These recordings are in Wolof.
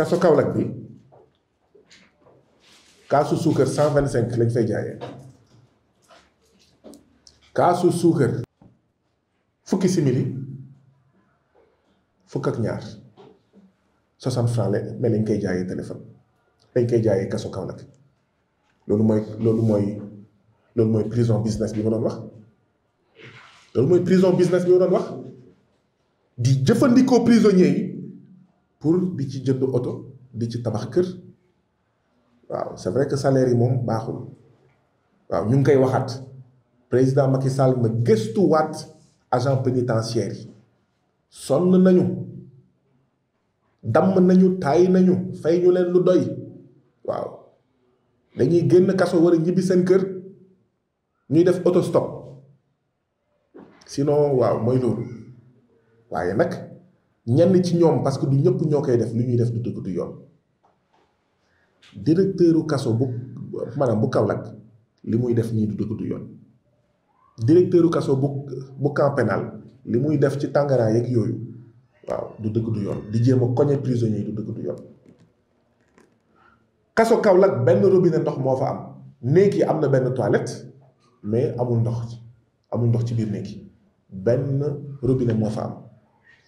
kaso Kaolack bi kaasu suukar cinq lañ fay jaayee kaasu suukar fukki simili fukk ak ñaar soixante franc la mais lañ koy jaayee téléphone lañ koy jaayee kaso Kaolack loolu mooy loolu mooy loolu mooy prison business bi ma doon wax loolu mooy prison business bi ma doon wax di jëfandikoo prisonniers yi. pour di ci jënd oto di ci tabax kër waaw c'est vrai que salaire yi moom baaxul waaw ñu ngi koy waxaat président ma Macky Sall na gëstuwaat agent pénitentiaire yi sonn nañu damm nañu taay nañu fay ñu leen lu doy waaw dañuy génn kaso war a ñibbi seen kër ñuy def autostop sinon waaw mooy loolu waaye nag ñenn ci ñoom parce que du ñëpp ñoo koy def lu ñuy def du dëgg du yoon directeuru kaso bu maanaam bu Kaolack li muy def nii du dëgg du yoon directeuru kaso bu bu camp pénal li muy def ci tàngaraay yeeg yooyu waaw du dëgg du yoon di jéem a koñe prisonniers yi du dëgg du yoon kaso Kaolack benn robinet ndox moo fa am néeg yi am na benn toilette mais amul ndox amul ndox ci biir néeg yi benn robinet moo fa am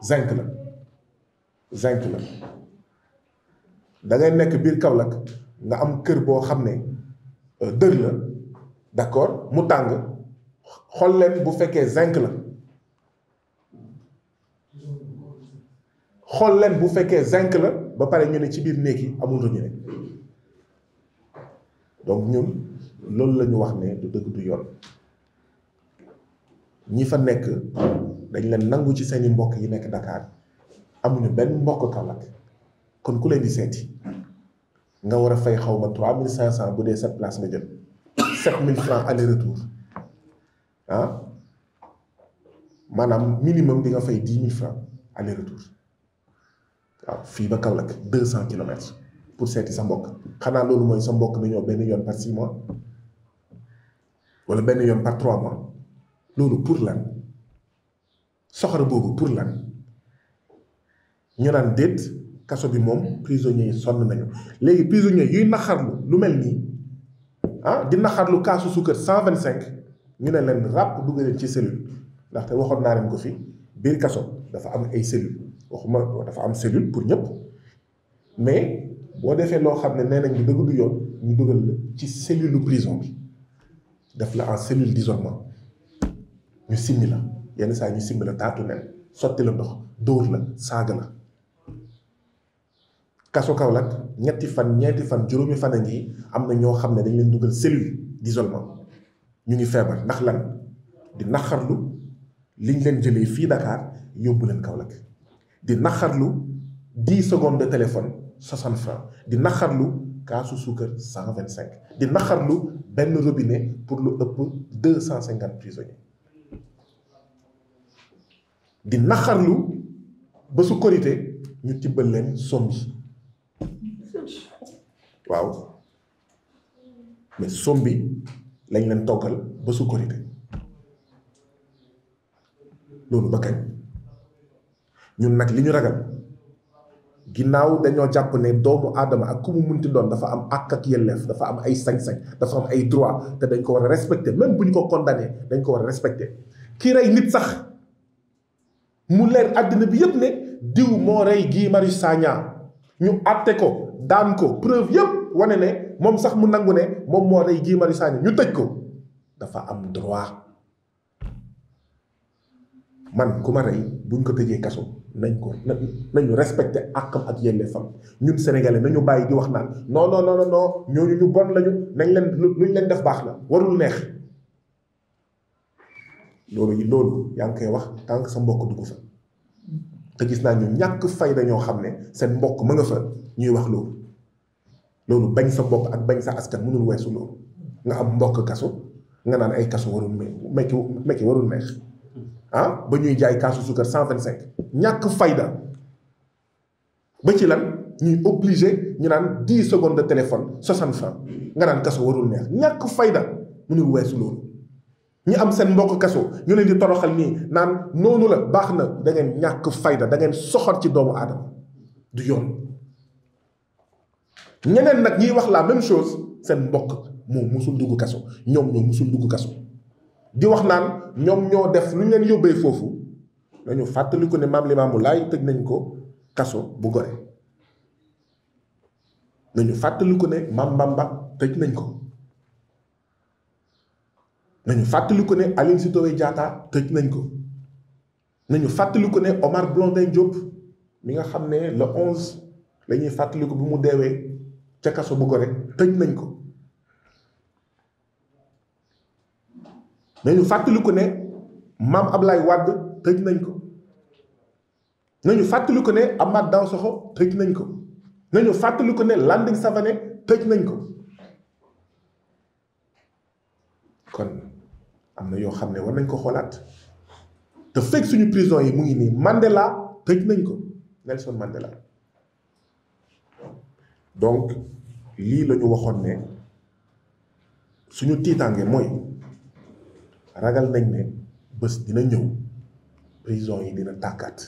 zinc la zinc la da ngay nekk biir Kaolack nga am kër boo xam ne euh, dër la d'accord mu tàng xool leen bu fekkee zinc la xool leen bu fekkee zinc la ba pare ñu ne ci biir néeg yi amul lu ñu ne donc ñun loolu la ñu wax ne du dëgg du yoon. ñi fa nekk dañ leen nangu ci seeni mbokk yi nekk Dakar amuñu benn mbokk Kaolack kon ku leen di seeti nga war a fay xaw ma trois mille cinq cent bu dee sept place nga jël sept mille francs aller retour ah fay dix mille francs waaw fii ba Kaolack deux cent kilomètres pour seeti sa mbokk xanaa loolu mooy sa mbokk nañoo benn yoon par six mois wala benn yoon par trois mois. loolu pour lan soxor boobu pour lan ñu naan déet kaso bi moom prisonniers yi sonn nañu léegi prisonniers yuy naxarlu lu mel nii ah di naxarlu kaasu suukar cent vingt cinq ñu ne leen ràpp dugg leen ci cellule ndaxte waxoon naa leen ko fi biir kaso dafa am ay cellule waxuma dafa am cellule pour ñëpp mais boo defee loo xam ne nee nañ du dëgg yoon ñu dugal la ci cellule prison bi def la en cellule d'isolement ñu simmi la yenn saa ñu simmi la taatu nen sotti la ndox dóor la saaga la kaso Kaolack ñetti fan ñeenti fan juróomi fan a ngi am na ñoo xam ne dañ leen dugal cellule d'isolement ñu ngi feebar ndax lan di naxarlu liñ leen jëlee fii Dakar yóbbu leen kawlak di naxarlu dix secondes de téléphone soixante francs di naxarlu kaasu suukar cent vingt cinq di naxarlu benn robinet pour lu ëpp deux cent cinquante prisonniers di naxarlu ba su korité ñu tibbal leen somme yi waaw mais somme bi lañ leen toggal ba su korité loolu ba kañ ñun nag li ñu ragal ginnaaw dañoo jàpp ne doomu aadama ak ku mu ti doon dafa am àq ak yelleef dafa am ay sañ-sañ dafa am ay droit te dañ ko war a respecté même bu ñu ko condamné dañ ko war a respecté kii rey nit sax mu leen àddina bi yëpp ne diw moo rey Guy Marius Sagna ñu àtte ko daan ko preuve yépp wane ne moom sax mu nangu ne moom moo rey Guy Marius Sagna ñu tëj ko dafa am droit man ku ma rey buñ ko tëjee kaso nañ ko nañu respecté àqam ak yelleefam ñun sénégalais nañu bàyyi di wax naan non non non non ñooñu ñu bon lañu nañ leen luñ leen def baax la warul neex loolu yi loolu yaa ngi koy wax tant sa mbokk dugg fa te gis naa ñu ñàkk fayda ñoo xam ne seen mbokk mën nga fa ñuy wax loolu loolu bañ sa bopp ak bañ sa askan mënul weesu loolu nga am mbokk kaso nga naan ay kaso warul me mekki mekki warul ah ba ñuy jaay kaasu suukar cent vingt cinq ñàkk fayda ba ci lan ñuy obligé ñu naan dix secondes de téléphone soixante francs nga naan kaso warul neex ñàkk fayda mënul weesu loolu ñi am seen mbokk kaso ñu leen di toroxal nii naan noonu la baax na da ngeen ñàkk fayda da ngeen soxor ci doomu aadama du yoon ñeneen nag ñiy wax la même chose seen mbokk moo musul dugg kaso ñoom ñoo musul dugg kaso di wax naan ñoom ñoo def lu ñu leen yóbbee foofu ñu fàttaliku ne maam Limaamu Laay tëj nañ ko kaso bu gore fàttaliku ne maam Bamba tëj nañ ko nañu fàttaliku ko ne Aline Sitoé Diatta tëj nañ ko nañu fàttaliku ne Omar Blondin Diop mi nga xam ne le onze la ñuy fàttali bu mu deewee ca kaso bu Gorée tëj nañ ko nañu fàttaliku ne maam Ablaye Wade tëj nañ ko nañu fàttaliku ne Amath Dansokho tëj nañ ko nañu fàttali ko ne Landing Savané tëj nañ ko kon am na yoo xam ne war nañ ko xoolaat te fekk suñu prison yi mu ngi nii Mandela tëj nañ ko Nelson Mandela donc lii la ñu waxoon ne suñu tiitaange mooy ragal nañ ne bés dina ñëw prison yi dina tàkkaat